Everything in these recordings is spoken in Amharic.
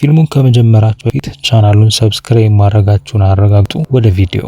ፊልሙን ከመጀመራችሁ በፊት ቻናሉን ሰብስክራይብ ማድረጋችሁን አረጋግጡ። ወደ ቪዲዮ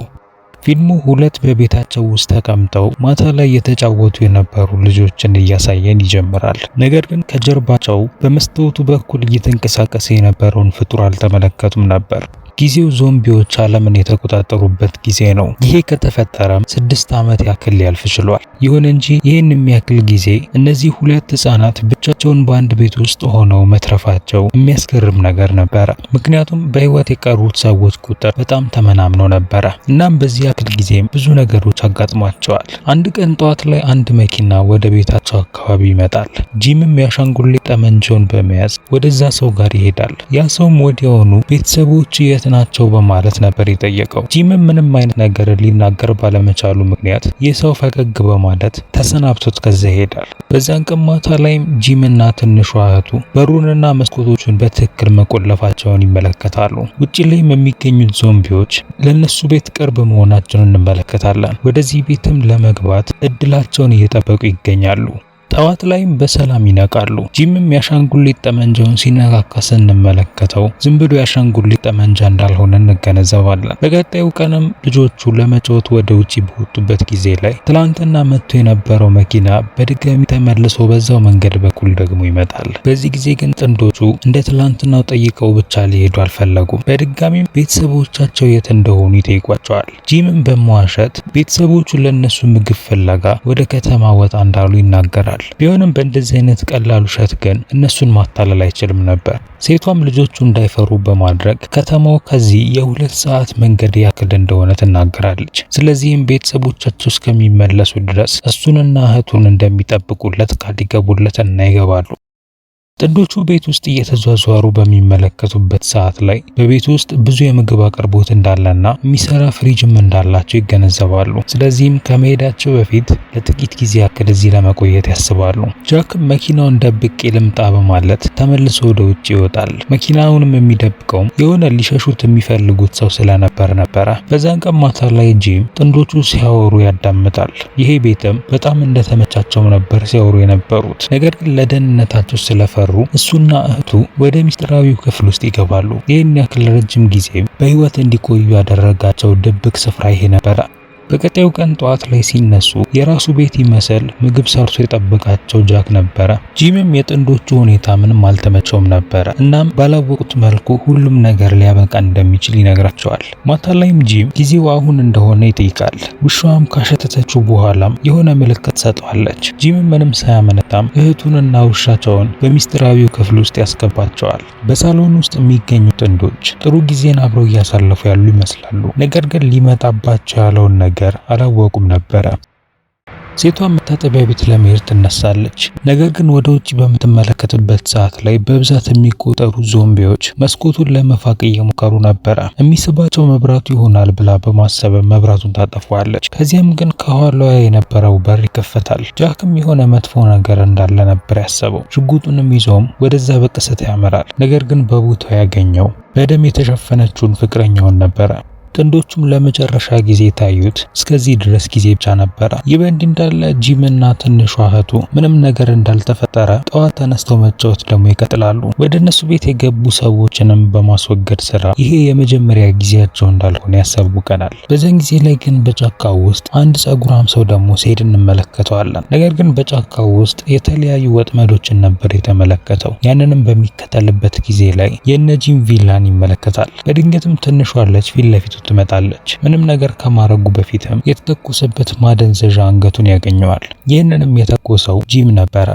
ፊልሙ ሁለት በቤታቸው ውስጥ ተቀምጠው ማታ ላይ የተጫወቱ የነበሩ ልጆችን እያሳየን ይጀምራል። ነገር ግን ከጀርባቸው በመስታወቱ በኩል እየተንቀሳቀሰ የነበረውን ፍጡር አልተመለከቱም ነበር። ጊዜው ዞምቢዎች ዓለምን የተቆጣጠሩበት ጊዜ ነው። ይሄ ከተፈጠረም ስድስት ዓመት ያክል ሊያልፍ ችሏል። ይሁን እንጂ ይህን የሚያክል ጊዜ እነዚህ ሁለት ህጻናት ብቻቸውን በአንድ ቤት ውስጥ ሆነው መትረፋቸው የሚያስገርም ነገር ነበረ። ምክንያቱም በህይወት የቀሩት ሰዎች ቁጥር በጣም ተመናምኖ ነበረ። እናም በዚህ ያክል ጊዜም ብዙ ነገሮች አጋጥሟቸዋል። አንድ ቀን ጠዋት ላይ አንድ መኪና ወደ ቤታቸው አካባቢ ይመጣል። ጂምም ያሻንጉሊ ጠመንጃውን በመያዝ ወደዛ ሰው ጋር ይሄዳል። ያ ሰውም ወዲያውኑ ቤተሰቦች የት ናቸው በማለት ነበር የጠየቀው። ጂምም ምንም አይነት ነገር ሊናገር ባለመቻሉ ምክንያት የሰው ፈገግ በማለት ተሰናብቶት ከዚያ ይሄዳል። በዚያን ቅማታ ላይም ጂምና ትንሿ እህቱ በሩንና መስኮቶቹን በትክክል መቆለፋቸውን ይመለከታሉ። ውጭ ላይም የሚገኙት ዞምቢዎች ለእነሱ ቤት ቅርብ መሆናቸውን እንመለከታለን። ወደዚህ ቤትም ለመግባት እድላቸውን እየጠበቁ ይገኛሉ። ጠዋት ላይም በሰላም ይነቃሉ። ጂምም የአሻንጉሊት ጠመንጃውን ሲነካካ ስንመለከተው ዝም ብሎ የአሻንጉሊት ጠመንጃ እንዳልሆነ እንገነዘባለን። በቀጣዩ ቀንም ልጆቹ ለመጫወት ወደ ውጭ በወጡበት ጊዜ ላይ ትላንትና መጥቶ የነበረው መኪና በድጋሚ ተመልሶ በዛው መንገድ በኩል ደግሞ ይመጣል። በዚህ ጊዜ ግን ጥንዶቹ እንደ ትላንትናው ጠይቀው ብቻ ሊሄዱ አልፈለጉም። በድጋሚም ቤተሰቦቻቸው የት እንደሆኑ ይጠይቋቸዋል። ጂምም በመዋሸት ቤተሰቦቹ ለእነሱ ምግብ ፍለጋ ወደ ከተማ ወጣ እንዳሉ ይናገራል። ቢሆንም በእንደዚህ አይነት ቀላል ውሸት ግን እነሱን ማታለል አይችልም ነበር። ሴቷም ልጆቹ እንዳይፈሩ በማድረግ ከተማው ከዚህ የሁለት ሰዓት መንገድ ያክል እንደሆነ ትናገራለች። ስለዚህም ቤተሰቦቻቸው እስከሚመለሱ ድረስ እሱንና እህቱን እንደሚጠብቁለት ቃል ይገቡለትና ይገባሉ። ጥንዶቹ ቤት ውስጥ እየተዟዟሩ በሚመለከቱበት ሰዓት ላይ በቤት ውስጥ ብዙ የምግብ አቅርቦት እንዳለና የሚሰራ ፍሪጅም እንዳላቸው ይገነዘባሉ። ስለዚህም ከመሄዳቸው በፊት ለጥቂት ጊዜ ያክል እዚህ ለመቆየት ያስባሉ። ጃክ መኪናውን ደብቄ ልምጣ በማለት ተመልሶ ወደ ውጭ ይወጣል። መኪናውንም የሚደብቀውም የሆነ ሊሸሹት የሚፈልጉት ሰው ስለነበር ነበረ። በዛን ቀን ማታ ላይ ጂም ጥንዶቹ ሲያወሩ ያዳምጣል። ይሄ ቤትም በጣም እንደተመቻቸው ነበር ሲያወሩ የነበሩት ነገር ግን ለደህንነታቸው ስለፈ እየሰሩ እሱና እህቱ ወደ ሚስጥራዊው ክፍል ውስጥ ይገባሉ። ይህን ያክል ረጅም ጊዜ በህይወት እንዲቆዩ ያደረጋቸው ድብቅ ስፍራ ይሄ ነበር። በቀጣዩ ቀን ጠዋት ላይ ሲነሱ የራሱ ቤት ይመስል ምግብ ሰርቶ የጠበቃቸው ጃክ ነበረ። ጂምም የጥንዶቹ ሁኔታ ምንም አልተመቸውም ነበረ። እናም ባላወቁት መልኩ ሁሉም ነገር ሊያበቃ እንደሚችል ይነግራቸዋል። ማታ ላይም ጂም ጊዜው አሁን እንደሆነ ይጠይቃል። ውሻዋም ካሸተተችው በኋላም የሆነ ምልክት ሰጠዋለች። ጂምም ምንም ሳያመነታም እህቱንና ውሻቸውን በሚስጢራዊው ክፍል ውስጥ ያስገባቸዋል። በሳሎን ውስጥ የሚገኙ ጥንዶች ጥሩ ጊዜን አብረው እያሳለፉ ያሉ ይመስላሉ። ነገር ግን ሊመጣባቸው ያለውን ነገር ነገር አላወቁም ነበረ። ሴቷ መታጠቢያ ቤት ለመሄድ ትነሳለች። ነገር ግን ወደ ውጭ በምትመለከትበት ሰዓት ላይ በብዛት የሚቆጠሩ ዞምቢዎች መስኮቱን ለመፋቅ እየሞከሩ ነበረ። የሚስባቸው መብራቱ ይሆናል ብላ በማሰብ መብራቱን ታጠፏለች። ከዚያም ግን ከኋላዋ የነበረው በር ይከፈታል። ጃክም የሆነ መጥፎ ነገር እንዳለ ነበር ያሰበው። ሽጉጡንም ይዞም ወደዛ በቀስታ ያመራል። ነገር ግን በቦታው ያገኘው በደም የተሸፈነችውን ፍቅረኛውን ነበረ። ጥንዶቹም ለመጨረሻ ጊዜ ታዩት እስከዚህ ድረስ ጊዜ ብቻ ነበረ። ይህ በእንዲህ እንዳለ ጂምና ትንሿ እህቱ ምንም ነገር እንዳልተፈጠረ ጠዋት ተነስተው መጫወት ደግሞ ይቀጥላሉ። ወደ እነሱ ቤት የገቡ ሰዎችንም በማስወገድ ስራ ይሄ የመጀመሪያ ጊዜያቸው እንዳልሆነ ያሳውቀናል። በዚያን ጊዜ ላይ ግን በጫካው ውስጥ አንድ ጸጉራም ሰው ደግሞ ሲሄድ እንመለከተዋለን። ነገር ግን በጫካው ውስጥ የተለያዩ ወጥመዶችን ነበር የተመለከተው። ያንንም በሚከተልበት ጊዜ ላይ የነጂም ጂም ቪላን ይመለከታል። በድንገትም ትንሿ አለች ፊት ለፊቱ ትመጣለች። ምንም ነገር ከማረጉ በፊትም የተተኮሰበት ማደንዘዣ አንገቱን ያገኘዋል። ይህንንም የተኮሰው ጂም ነበረ።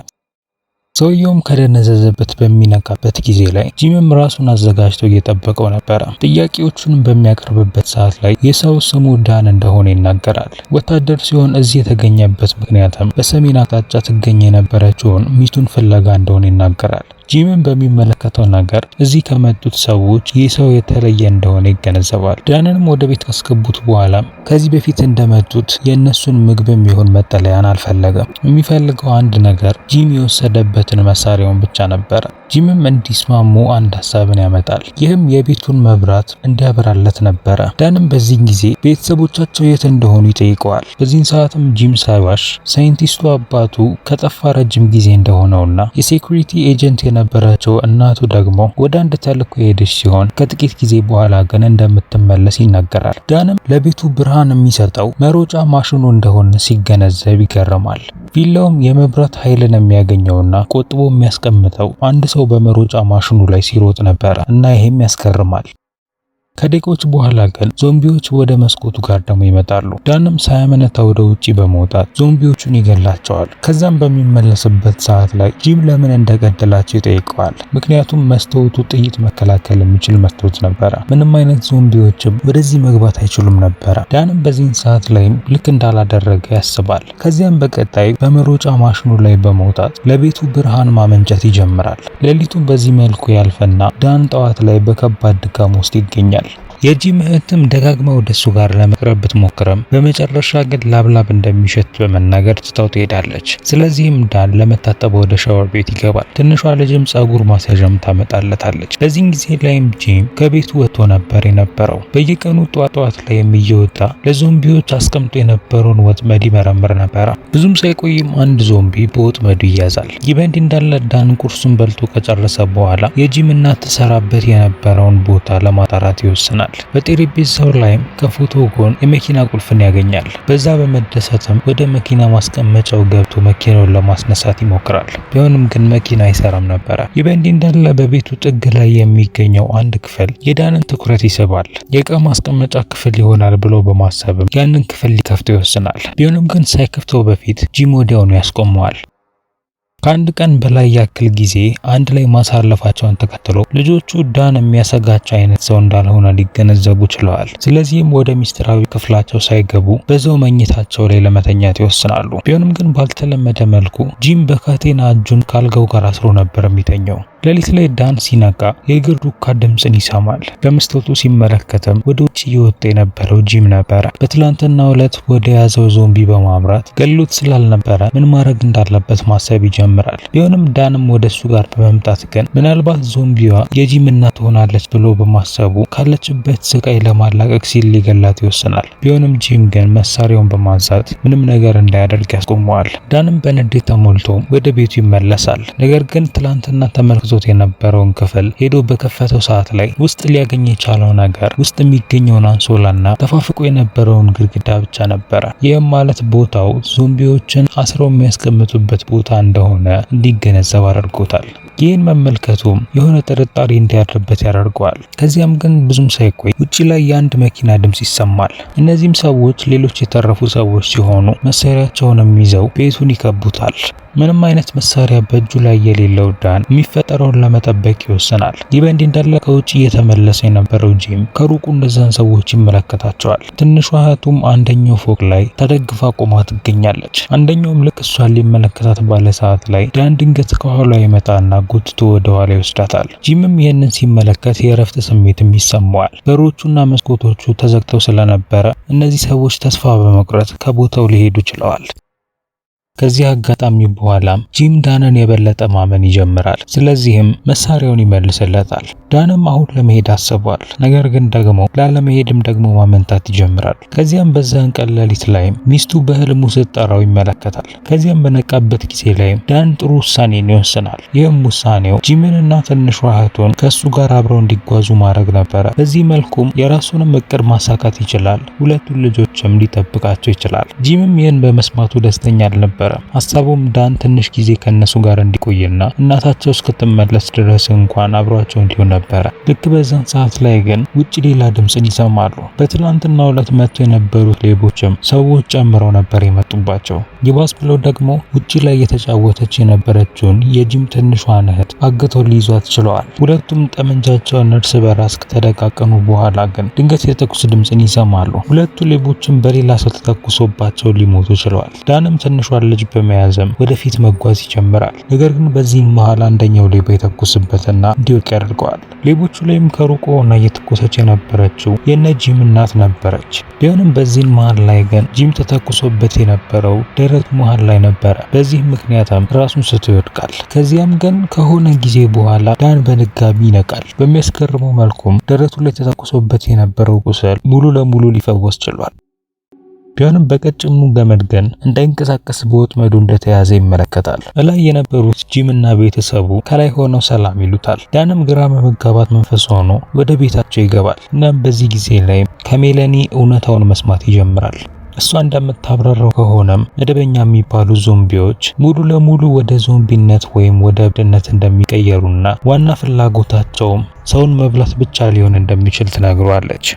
ሰውየውም ከደነዘዘበት በሚነካበት ጊዜ ላይ ጂምም ራሱን አዘጋጅቶ እየጠበቀው ነበረ። ጥያቄዎቹን በሚያቀርብበት ሰዓት ላይ የሰው ስሙ ዳን እንደሆነ ይናገራል። ወታደር ሲሆን እዚህ የተገኘበት ምክንያትም በሰሜን አቅጣጫ ትገኝ የነበረችውን ሚስቱን ፍለጋ እንደሆነ ይናገራል። ጂምን በሚመለከተው ነገር እዚህ ከመጡት ሰዎች ይህ ሰው የተለየ እንደሆነ ይገነዘባል። ዳንንም ወደ ቤት ካስገቡት በኋላ ከዚህ በፊት እንደመጡት የእነሱን ምግብም ይሁን መጠለያን አልፈለገም። የሚፈልገው አንድ ነገር ጂም የወሰደበትን መሳሪያውን ብቻ ነበር። ጂምም እንዲስማሙ አንድ ሀሳብን ያመጣል። ይህም የቤቱን መብራት እንዲያበራለት ነበረ። ዳንም በዚህን ጊዜ ቤተሰቦቻቸው የት እንደሆኑ ይጠይቀዋል። በዚህን ሰዓትም ጂም ሳይዋሽ ሳይንቲስቱ አባቱ ከጠፋ ረጅም ጊዜ እንደሆነውና የሴኩሪቲ ኤጀንት የነበረችው እናቱ ደግሞ ወደ አንድ ተልኮ የሄደች ሲሆን ከጥቂት ጊዜ በኋላ ግን እንደምትመለስ ይናገራል። ዳንም ለቤቱ ብርሃን የሚሰጠው መሮጫ ማሽኑ እንደሆነ ሲገነዘብ ይገርማል። ቢላውም የመብራት ኃይልን የሚያገኘውና ቆጥቦ የሚያስቀምጠው አንድ ሰው በመሮጫ ማሽኑ ላይ ሲሮጥ ነበረ እና ይሄም ያስገርማል። ከደቂቃዎች በኋላ ግን ዞምቢዎች ወደ መስኮቱ ጋር ደግሞ ይመጣሉ። ዳንም ሳያመነታ ወደ ውጪ በመውጣት ዞምቢዎቹን ይገላቸዋል። ከዛም በሚመለስበት ሰዓት ላይ ጂም ለምን እንደገደላቸው ይጠይቀዋል። ምክንያቱም መስታወቱ ጥይት መከላከል የሚችል መስታወት ነበረ። ምንም አይነት ዞምቢዎችም ወደዚህ መግባት አይችሉም ነበረ። ዳንም በዚህን ሰዓት ላይም ልክ እንዳላደረገ ያስባል። ከዚያም በቀጣይ በመሮጫ ማሽኑ ላይ በመውጣት ለቤቱ ብርሃን ማመንጨት ይጀምራል። ሌሊቱን በዚህ መልኩ ያልፈና ዳን ጠዋት ላይ በከባድ ድካም ውስጥ ይገኛል። নমস্কার የጂም እህትም ደጋግማ ወደሱ ጋር ለመቅረብ ብትሞክርም በመጨረሻ ግን ላብላብ እንደሚሸት በመናገር ትተው ትሄዳለች። ስለዚህም ዳን ለመታጠብ ወደ ሻወር ቤት ይገባል። ትንሿ ልጅም ጸጉር ማስያዣም ታመጣለታለች። በዚህን ጊዜ ላይም ጂም ከቤቱ ወጥቶ ነበር የነበረው። በየቀኑ ጧት ላይ ላይም እየወጣ ለዞምቢዎች አስቀምጦ የነበረውን ወጥመድ ይመረምር ነበረ። ብዙም ሳይቆይም አንድ ዞምቢ በወጥመዱ ይያዛል። ይበንድ እንዳለ ዳን ቁርሱን በልቶ ከጨረሰ በኋላ የጂም እናት ትሰራበት የነበረውን ቦታ ለማጣራት ይወስናል። ይሆናል። በጠረጴዛው ላይም ከፎቶ ጎን የመኪና ቁልፍን ያገኛል። በዛ በመደሰትም ወደ መኪና ማስቀመጫው ገብቶ መኪናውን ለማስነሳት ይሞክራል። ቢሆንም ግን መኪና አይሰራም ነበረ። ይህ በእንዲህ እንዳለ በቤቱ ጥግ ላይ የሚገኘው አንድ ክፍል የዳንን ትኩረት ይስባል። የእቃ ማስቀመጫ ክፍል ይሆናል ብሎ በማሰብም ያንን ክፍል ሊከፍተው ይወስናል። ቢሆንም ግን ሳይከፍተው በፊት ጂም ወዲያውኑ ያስቆመዋል። ከአንድ ቀን በላይ ያክል ጊዜ አንድ ላይ ማሳለፋቸውን ተከትሎ ልጆቹ ዳን የሚያሰጋቸው አይነት ሰው እንዳልሆነ ሊገነዘቡ ችለዋል። ስለዚህም ወደ ሚስጥራዊ ክፍላቸው ሳይገቡ በዛው መኝታቸው ላይ ለመተኛት ይወስናሉ። ቢሆንም ግን ባልተለመደ መልኩ ጂም በካቴና እጁን ካልጋው ጋር አስሮ ነበር የሚተኘው። ሌሊት ላይ ዳን ሲነቃ የእግር ዱካ ድምፅን ይሰማል። በመስታወቱ ሲመለከትም ወደ ውጭ እየወጣ የነበረው ጂም ነበረ። በትላንትና ዕለት ወደ ያዘው ዞምቢ በማምራት ገሎት ስላልነበረ ምን ማድረግ እንዳለበት ማሰብ ይጀምራል። ቢሆንም ዳንም ወደ እሱ ጋር በመምጣት ግን ምናልባት ዞምቢዋ የጂም እናት ትሆናለች ብሎ በማሰቡ ካለችበት ስቃይ ለማላቀቅ ሲል ሊገላት ይወስናል። ቢሆንም ጂም ግን መሳሪያውን በማንሳት ምንም ነገር እንዳያደርግ ያስቆመዋል። ዳንም በንዴት ተሞልቶ ወደ ቤቱ ይመለሳል። ነገር ግን ትላንትና ተመልክቶ ይዞት የነበረውን ክፍል ሄዶ በከፈተው ሰዓት ላይ ውስጥ ሊያገኝ የቻለው ነገር ውስጥ የሚገኘውን አንሶላና ተፋፍቆ የነበረውን ግድግዳ ብቻ ነበረ። ይህም ማለት ቦታው ዞምቢዎችን አስረው የሚያስቀምጡበት ቦታ እንደሆነ እንዲገነዘብ አድርጎታል። ይህን መመልከቱም የሆነ ጥርጣሬ እንዲያድርበት ያደርገዋል። ከዚያም ግን ብዙም ሳይቆይ ውጭ ላይ የአንድ መኪና ድምፅ ይሰማል። እነዚህም ሰዎች ሌሎች የተረፉ ሰዎች ሲሆኑ መሳሪያቸውንም ይዘው ቤቱን ይከቡታል። ምንም አይነት መሳሪያ በእጁ ላይ የሌለው ዳን የሚፈጠረውን ለመጠበቅ ይወስናል። ይህ በእንዲህ እንዳለ ከውጭ እየተመለሰ የነበረው ጂም ከሩቁ እነዚያን ሰዎች ይመለከታቸዋል። ትንሿ እህቱም አንደኛው ፎቅ ላይ ተደግፋ ቆማ ትገኛለች። አንደኛውም ልክ እሷን ሊመለከታት ባለ ሰዓት ላይ ዳን ድንገት ከኋላ ይመጣና ጎትቶ ወደኋላ ይወስዳታል። ጂምም ይህንን ሲመለከት የእረፍት ስሜትም ይሰማዋል። በሮቹና መስኮቶቹ ተዘግተው ስለነበረ እነዚህ ሰዎች ተስፋ በመቁረጥ ከቦታው ሊሄዱ ችለዋል። ከዚህ አጋጣሚ በኋላም ጂም ዳነን የበለጠ ማመን ይጀምራል። ስለዚህም መሳሪያውን ይመልስለታል። ዳንም አሁን ለመሄድ አስቧል። ነገር ግን ደግሞ ላለመሄድም ደግሞ ማመንታት ይጀምራል። ከዚያም በዛን ቀን ሌሊት ላይም ሚስቱ በህልሙ ስትጠራው ይመለከታል። ከዚያም በነቃበት ጊዜ ላይም ዳን ጥሩ ውሳኔን ይወስናል። ይህም ውሳኔው ጂምንና ትንሿ እህቱን ከእሱ ጋር አብረው እንዲጓዙ ማድረግ ነበረ። በዚህ መልኩም የራሱንም እቅድ ማሳካት ይችላል። ሁለቱን ልጆችም ሊጠብቃቸው ይችላል። ጂምም ይህን በመስማቱ ደስተኛ አልነበር ነበረ። ሀሳቡም ዳን ትንሽ ጊዜ ከእነሱ ጋር እንዲቆይና እናታቸው እስክትመለስ ድረስ እንኳን አብሯቸው እንዲሆን ነበረ። ልክ በዛን ሰዓት ላይ ግን ውጭ ሌላ ድምፅን ይሰማሉ። በትላንትና ሁለት መጥቶ የነበሩት ሌቦችም ሰዎች ጨምረው ነበር የመጡባቸው። ይባስ ብለው ደግሞ ውጭ ላይ የተጫወተች የነበረችውን የጂም ትንሿን እህት አግተው ሊይዟት ችለዋል። ሁለቱም ጠመንጃቸውን እርስ በራስ ከተደቃቀኑ በኋላ ግን ድንገት የተኩስ ድምፅን ይሰማሉ። ሁለቱ ሌቦችም በሌላ ሰው ተተኩሶባቸው ሊሞቱ ችለዋል። ዳንም ትንሿን ልጅ በመያዝም ወደፊት መጓዝ ይጀምራል። ነገር ግን በዚህም መሃል አንደኛው ሌባ የተኩስበትና እንዲወቅ ያደርገዋል። ሌቦቹ ላይም ከሩቆ ሆና እየተኮሰች የነበረችው የነ ጂም እናት ነበረች። ቢሆንም በዚህ መሃል ላይ ግን ጂም ተተኩሶበት የነበረው ደረቱ መሃል ላይ ነበረ። በዚህ ምክንያትም ራሱን ስቶ ይወድቃል። ከዚያም ግን ከሆነ ጊዜ በኋላ ዳን በድጋሚ ይነቃል። በሚያስገርመው መልኩም ደረቱ ላይ ተተኩሶበት የነበረው ቁስል ሙሉ ለሙሉ ሊፈወስ ችሏል። ቢሆንም በቀጭኑ ገመድገን እንዳይንቀሳቀስ በወጥመዱ እንደተያዘ ይመለከታል። እላይ የነበሩት ጂምና ቤተሰቡ ከላይ ሆነው ሰላም ይሉታል። ዳንም ግራ መመጋባት መንፈስ ሆኖ ወደ ቤታቸው ይገባል። እናም በዚህ ጊዜ ላይ ከሜለኒ እውነታውን መስማት ይጀምራል። እሷ እንደምታብራራው ከሆነም መደበኛ የሚባሉ ዞምቢዎች ሙሉ ለሙሉ ወደ ዞምቢነት ወይም ወደ እብድነት እንደሚቀየሩና ዋና ፍላጎታቸውም ሰውን መብላት ብቻ ሊሆን እንደሚችል ትነግሯለች።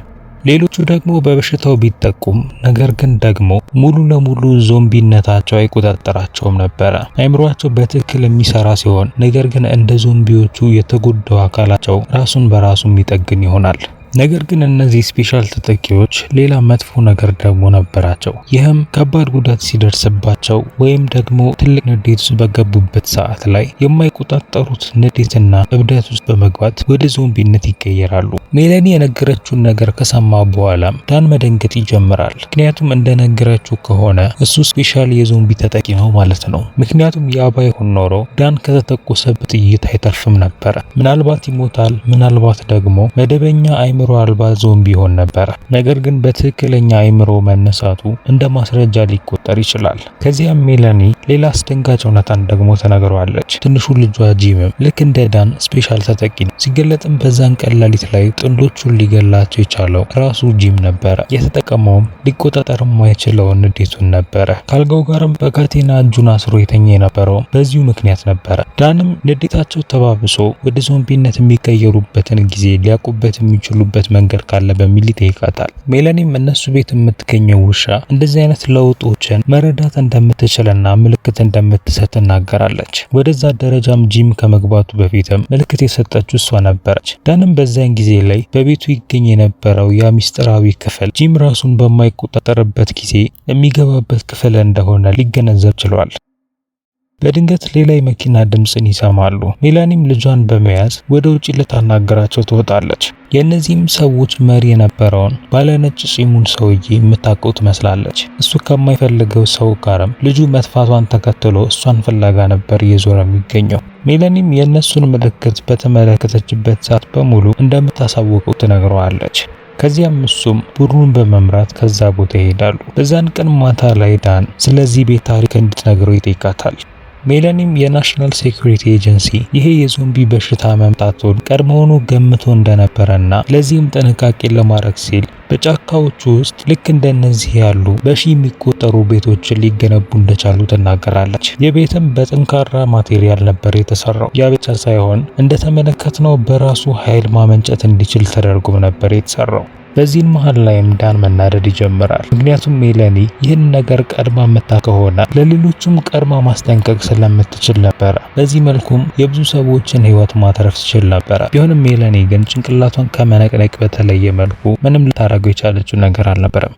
ሌሎቹ ደግሞ በበሽታው ቢጠቁም ነገር ግን ደግሞ ሙሉ ለሙሉ ዞምቢነታቸው አይቆጣጠራቸውም ነበረ። አይምሯቸው በትክክል የሚሰራ ሲሆን ነገር ግን እንደ ዞምቢዎቹ የተጎዳው አካላቸው ራሱን በራሱ የሚጠግን ይሆናል። ነገር ግን እነዚህ ስፔሻል ተጠቂዎች ሌላ መጥፎ ነገር ደግሞ ነበራቸው። ይህም ከባድ ጉዳት ሲደርስባቸው ወይም ደግሞ ትልቅ ንዴት ውስጥ በገቡበት ሰዓት ላይ የማይቆጣጠሩት ንዴትና እብደት ውስጥ በመግባት ወደ ዞምቢነት ይቀየራሉ። ሜለኒ የነገረችውን ነገር ከሰማ በኋላም ዳን መደንገጥ ይጀምራል። ምክንያቱም እንደነገረችው ከሆነ እሱ ስፔሻል የዞምቢ ተጠቂ ነው ማለት ነው። ምክንያቱም ያ ባይሆን ኖሮ ዳን ከተተኮሰበት ጥይት አይተርፍም ነበረ። ምናልባት ይሞታል፣ ምናልባት ደግሞ መደበኛ አይምሮ አእምሮ አልባ ዞምቢ ይሆን ነበር። ነገር ግን በትክክለኛ አእምሮ መነሳቱ እንደ ማስረጃ ሊቆጠር ይችላል። ከዚያም ሜላኒ ሌላ አስደንጋጭ እውነታን ደግሞ ተነግረዋለች። ትንሹ ልጇ ጂምም ልክ እንደ ዳን ስፔሻል ተጠቂ ሲገለጥም በዛን ቀላሊት ላይ ጥንዶቹን ሊገላቸው የቻለው ራሱ ጂም ነበረ። የተጠቀመውም ሊቆጣጠር የማይችለውን ንዴቱን ነበረ። ካልጋው ጋርም በካቴና እጁን አስሮ የተኛ የነበረው በዚሁ ምክንያት ነበረ። ዳንም ንዴታቸው ተባብሶ ወደ ዞምቢነት የሚቀየሩበትን ጊዜ ሊያውቁበት የሚችሉበት የምትሄድበት መንገድ ካለ በሚል ይጠይቃታል። ሜላኒም እነሱ ቤት የምትገኘው ውሻ እንደዚህ አይነት ለውጦችን መረዳት እንደምትችልና ምልክት እንደምትሰጥ ትናገራለች። ወደዛ ደረጃም ጂም ከመግባቱ በፊትም ምልክት የሰጠችው እሷ ነበረች። ደንም በዚያን ጊዜ ላይ በቤቱ ይገኝ የነበረው ያ ሚስጥራዊ ክፍል ጂም ራሱን በማይቆጣጠርበት ጊዜ የሚገባበት ክፍል እንደሆነ ሊገነዘብ ችሏል። በድንገት ሌላ የመኪና ድምፅን ይሰማሉ። ሜላኒም ልጇን በመያዝ ወደ ውጭ ልታናገራቸው ትወጣለች። የእነዚህም ሰዎች መሪ የነበረውን ባለነጭ ጺሙን ሰውዬ የምታውቀው ትመስላለች። እሱ ከማይፈልገው ሰው ጋርም ልጁ መጥፋቷን ተከትሎ እሷን ፍለጋ ነበር እየዞረ የሚገኘው። ሜላኒም የእነሱን ምልክት በተመለከተችበት ሰዓት በሙሉ እንደምታሳውቀው ትነግረዋለች። ከዚያም እሱም ቡድኑን በመምራት ከዛ ቦታ ይሄዳሉ። በዛን ቀን ማታ ላይ ዳን ስለዚህ ቤት ታሪክ እንድትነግረው ይጠይቃታል። ሜላኒም የናሽናል ሴኩሪቲ ኤጀንሲ ይሄ የዞምቢ በሽታ መምጣቱን ቀድሞውኑ ገምቶ እንደነበረና ለዚህም ጥንቃቄ ለማድረግ ሲል በጫካዎቹ ውስጥ ልክ እንደነዚህ ያሉ በሺ የሚቆጠሩ ቤቶችን ሊገነቡ እንደቻሉ ትናገራለች። የቤትም በጠንካራ ማቴሪያል ነበር የተሰራው። ያ ብቻ ሳይሆን እንደተመለከትነው በራሱ ኃይል ማመንጨት እንዲችል ተደርጎም ነበር የተሰራው። በዚህን መሃል ላይም ዳን መናደድ ይጀምራል። ምክንያቱም ሜለኒ ይህን ነገር ቀድማ መታ ከሆነ ለሌሎቹም ቀድማ ማስጠንቀቅ ስለምትችል ነበረ። በዚህ መልኩም የብዙ ሰዎችን ህይወት ማትረፍ ትችል ነበረ። ቢሆንም ሜለኒ ግን ጭንቅላቷን ከመነቅነቅ በተለየ መልኩ ምንም ልታደርገው የቻለችው ነገር አልነበረም።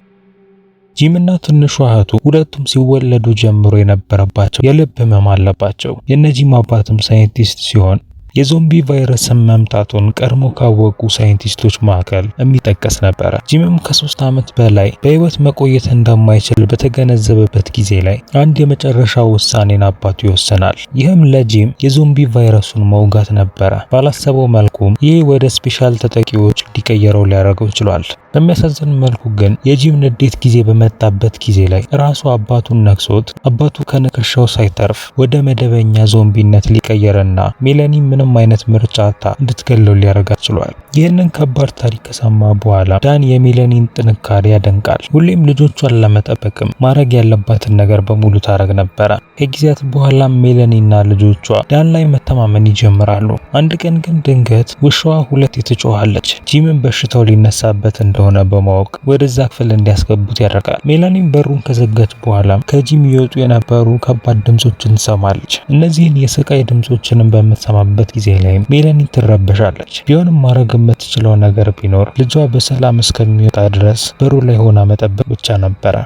ጂምና ትንሹ እህቱ ሁለቱም ሲወለዱ ጀምሮ የነበረባቸው የልብ ህመም አለባቸው። የነጂም አባትም ሳይንቲስት ሲሆን የዞምቢ ቫይረስን መምጣቱን ቀድሞ ካወቁ ሳይንቲስቶች መካከል የሚጠቀስ ነበረ። ጂምም ከሶስት ዓመት በላይ በህይወት መቆየት እንደማይችል በተገነዘበበት ጊዜ ላይ አንድ የመጨረሻ ውሳኔን አባቱ ይወስናል። ይህም ለጂም የዞምቢ ቫይረሱን መውጋት ነበረ። ባላሰበው መልኩም ይህ ወደ ስፔሻል ተጠቂዎች እንዲቀየረው ሊያደርገው ችሏል። በሚያሳዝን መልኩ ግን የጂም ንዴት ጊዜ በመጣበት ጊዜ ላይ ራሱ አባቱን ነክሶት አባቱ ከንክሻው ሳይተርፍ ወደ መደበኛ ዞምቢነት ሊቀየርና ሜላኒ ምንም ምንም አይነት ምርጫ እንድትገለው ሊያደርጋት ችሏል። ይህንን ከባድ ታሪክ ከሰማ በኋላ ዳን የሚለኒን ጥንካሬ ያደንቃል። ሁሌም ልጆቿን ለመጠበቅም ማድረግ ያለባትን ነገር በሙሉ ታረግ ነበረ። ከጊዜያት በኋላ ሜለኒና ልጆቿ ዳን ላይ መተማመን ይጀምራሉ። አንድ ቀን ግን ድንገት ውሻዋ ሁለት ትጮኻለች። ጂምን በሽታው ሊነሳበት እንደሆነ በማወቅ ወደዛ ክፍል እንዲያስገቡት ያደርጋል። ሜላኒን በሩን ከዘጋች በኋላ ከጂም ይወጡ የነበሩ ከባድ ድምጾችን ትሰማለች። እነዚህን የስቃይ ድምጾችንም በምትሰማበት ጊዜ ላይ ሜላኒ ትረበሻለች። ቢሆንም ማድረግ የምትችለው ነገር ቢኖር ልጇ በሰላም እስከሚወጣ ድረስ በሩ ላይ ሆና መጠበቅ ብቻ ነበረ።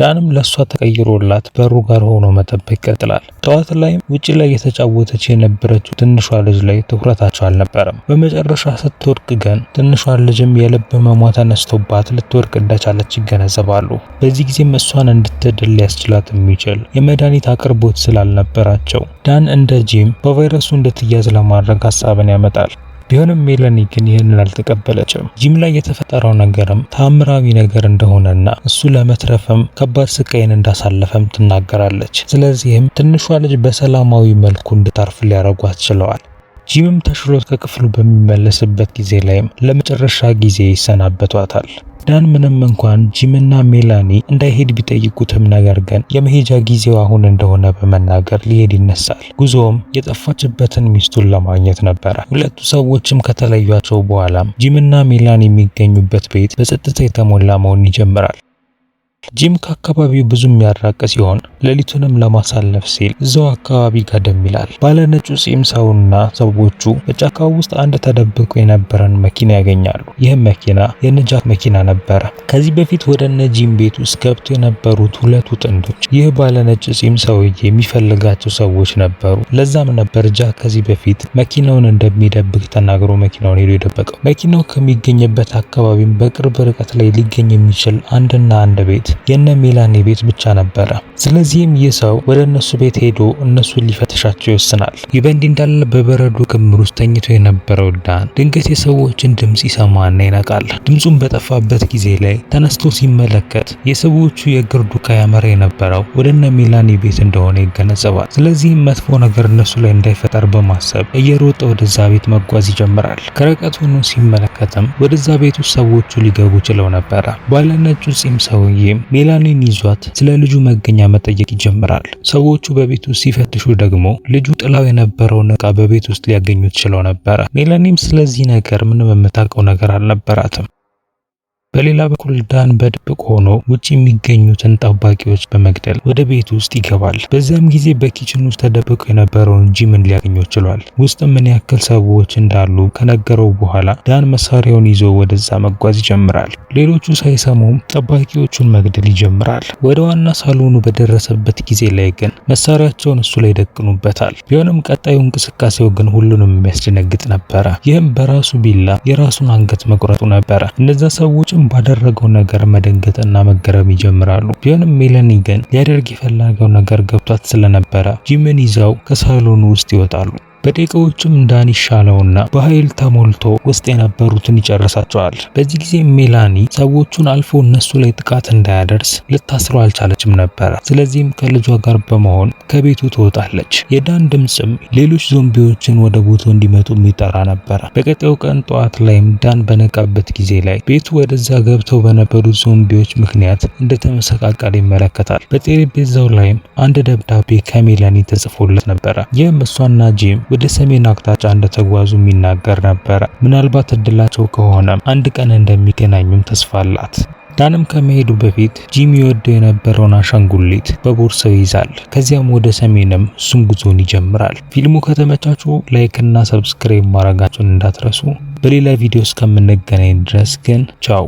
ዳንም ለሷ ተቀይሮላት በሩ ጋር ሆኖ መጠበቅ ይቀጥላል። ጠዋት ላይ ውጭ ላይ የተጫወተች የነበረችው ትንሿ ልጅ ላይ ትኩረታቸው አልነበረም። በመጨረሻ ስትወድቅ ግን ትንሿ ልጅም የልብ ህመሟ ተነስቶባት ልትወድቅ እንደቻለች ይገነዘባሉ። በዚህ ጊዜም እሷን እንድትድል ሊያስችላት የሚችል የመድኃኒት አቅርቦት ስላልነበራቸው ዳን እንደ ጂም በቫይረሱ እንድትያዝ ለማድረግ ሀሳብን ያመጣል። ቢሆንም ሜለኒ ግን ይህንን አልተቀበለችም። ጂም ላይ የተፈጠረው ነገርም ተአምራዊ ነገር እንደሆነና እሱ ለመትረፍም ከባድ ስቃይን እንዳሳለፈም ትናገራለች። ስለዚህም ትንሿ ልጅ በሰላማዊ መልኩ እንድታርፍ ሊያደርጓት ችለዋል። ጂምም ተሽሎት ከክፍሉ በሚመለስበት ጊዜ ላይም ለመጨረሻ ጊዜ ይሰናበቷታል። ዳን ምንም እንኳን ጂምና ሜላኒ እንዳይሄድ ቢጠይቁትም ነገር ግን የመሄጃ ጊዜው አሁን እንደሆነ በመናገር ሊሄድ ይነሳል። ጉዞውም የጠፋችበትን ሚስቱን ለማግኘት ነበረ። ሁለቱ ሰዎችም ከተለያቸው በኋላም ጂምና ሜላኒ የሚገኙበት ቤት በጸጥታ የተሞላ መሆን ይጀምራል። ጂም ከአካባቢው ብዙ የሚያራቅ ሲሆን ሌሊቱንም ለማሳለፍ ሲል እዛው አካባቢ ጋደም ይላል። ባለነጩ ጺም ሰውና ሰዎቹ በጫካው ውስጥ አንድ ተደብቆ የነበረን መኪና ያገኛሉ። ይህም መኪና የነጃት መኪና ነበረ። ከዚህ በፊት ወደ እነ ጂም ቤት ውስጥ ገብቶ የነበሩት ሁለቱ ጥንዶች ይህ ባለነጭ ጺም ሰውዬ የሚፈልጋቸው ሰዎች ነበሩ። ለዛም ነበር ጃ ከዚህ በፊት መኪናውን እንደሚደብቅ ተናግሮ መኪናውን ሄዶ የደበቀው። መኪናው ከሚገኝበት አካባቢም በቅርብ ርቀት ላይ ሊገኝ የሚችል አንድና አንድ ቤት የነ ሜላኒ ቤት ብቻ ነበረ። ስለዚህም ይህ ሰው ወደ እነሱ ቤት ሄዶ እነሱን ሊፈተሻቸው ይወስናል። ይህ በእንዲህ እንዳለ በበረዶ ክምር ውስጥ ተኝቶ የነበረው ዳን ድንገት የሰዎችን ድምፅ ይሰማና ይነቃል። ድምፁን በጠፋበት ጊዜ ላይ ተነስቶ ሲመለከት የሰዎቹ የእግር ዱካ የነበረው ወደ እነ ሜላኒ ቤት እንደሆነ ይገነዘባል። ስለዚህም መጥፎ ነገር እነሱ ላይ እንዳይፈጠር በማሰብ እየሮጠ ወደዛ ቤት መጓዝ ይጀምራል። ከርቀት ሆኖ ሲመለከትም ወደዛ ቤት ውስጥ ሰዎቹ ሊገቡ ችለው ነበረ። ባለነጩ ጺም ሰውዬም ሜላኒን ይዟት ስለ ልጁ መገኛ መጠየቅ ይጀምራል። ሰዎቹ በቤት ውስጥ ሲፈትሹ ደግሞ ልጁ ጥላው የነበረውን እቃ በቤት ውስጥ ሊያገኙ ችለው ነበረ። ሜላኒም ስለዚህ ነገር ምንም የምታውቀው ነገር አልነበራትም። በሌላ በኩል ዳን በድብቅ ሆኖ ውጭ የሚገኙትን ጠባቂዎች በመግደል ወደ ቤት ውስጥ ይገባል። በዚያም ጊዜ በኪችን ውስጥ ተደብቆ የነበረውን ጂምን ሊያገኘው ችሏል። ውስጥ ምን ያክል ሰዎች እንዳሉ ከነገረው በኋላ ዳን መሳሪያውን ይዞ ወደዛ መጓዝ ይጀምራል። ሌሎቹ ሳይሰሙም ጠባቂዎቹን መግደል ይጀምራል። ወደ ዋና ሳሎኑ በደረሰበት ጊዜ ላይ ግን መሳሪያቸውን እሱ ላይ ደቅኑበታል። ቢሆንም ቀጣዩ እንቅስቃሴው ግን ሁሉንም የሚያስደነግጥ ነበረ። ይህም በራሱ ቢላ የራሱን አንገት መቁረጡ ነበረ። እነዛ ሰዎችም ሁሉም ባደረገው ነገር እና መገረም ይጀምራሉ። ቢሆንም ሜለኒ ግን ሊያደርግ የፈለገው ነገር ገብቷት ስለነበረ ጂምን ይዘው ከሳሎኑ ውስጥ ይወጣሉ። በደቂቃዎችም እንዳንሻለውና በኃይል ተሞልቶ ውስጥ የነበሩትን ይጨርሳቸዋል። በዚህ ጊዜ ሜላኒ ሰዎቹን አልፎ እነሱ ላይ ጥቃት እንዳያደርስ ልታስረው አልቻለችም ነበረ። ስለዚህም ከልጇ ጋር በመሆን ከቤቱ ትወጣለች። የዳን ድምፅም ሌሎች ዞምቢዎችን ወደ ቦታው እንዲመጡ የሚጠራ ነበረ። በቀጣዩ ቀን ጠዋት ላይም ዳን በነቃበት ጊዜ ላይ ቤቱ ወደዛ ገብተው በነበሩት ዞምቢዎች ምክንያት እንደተመሰቃቀለ ይመለከታል። በጠረጴዛው ላይም አንድ ደብዳቤ ከሜላኒ ተጽፎለት ነበረ። ይህም እሷና ጂም ወደ ሰሜን አቅጣጫ እንደተጓዙ የሚናገር ነበረ። ምናልባት እድላቸው ከሆነም አንድ ቀን እንደሚገናኙም ተስፋ አላት። ዳንም ከመሄዱ በፊት ጂም ይወደው የነበረውን አሻንጉሊት በቦርሳው ይይዛል። ከዚያም ወደ ሰሜንም እሱም ጉዞን ይጀምራል። ፊልሙ ከተመቻቹ ላይክ እና ሰብስክራይብ ማድረጋችሁን እንዳትረሱ። በሌላ ቪዲዮ እስከምንገናኝ ድረስ ግን ቻው።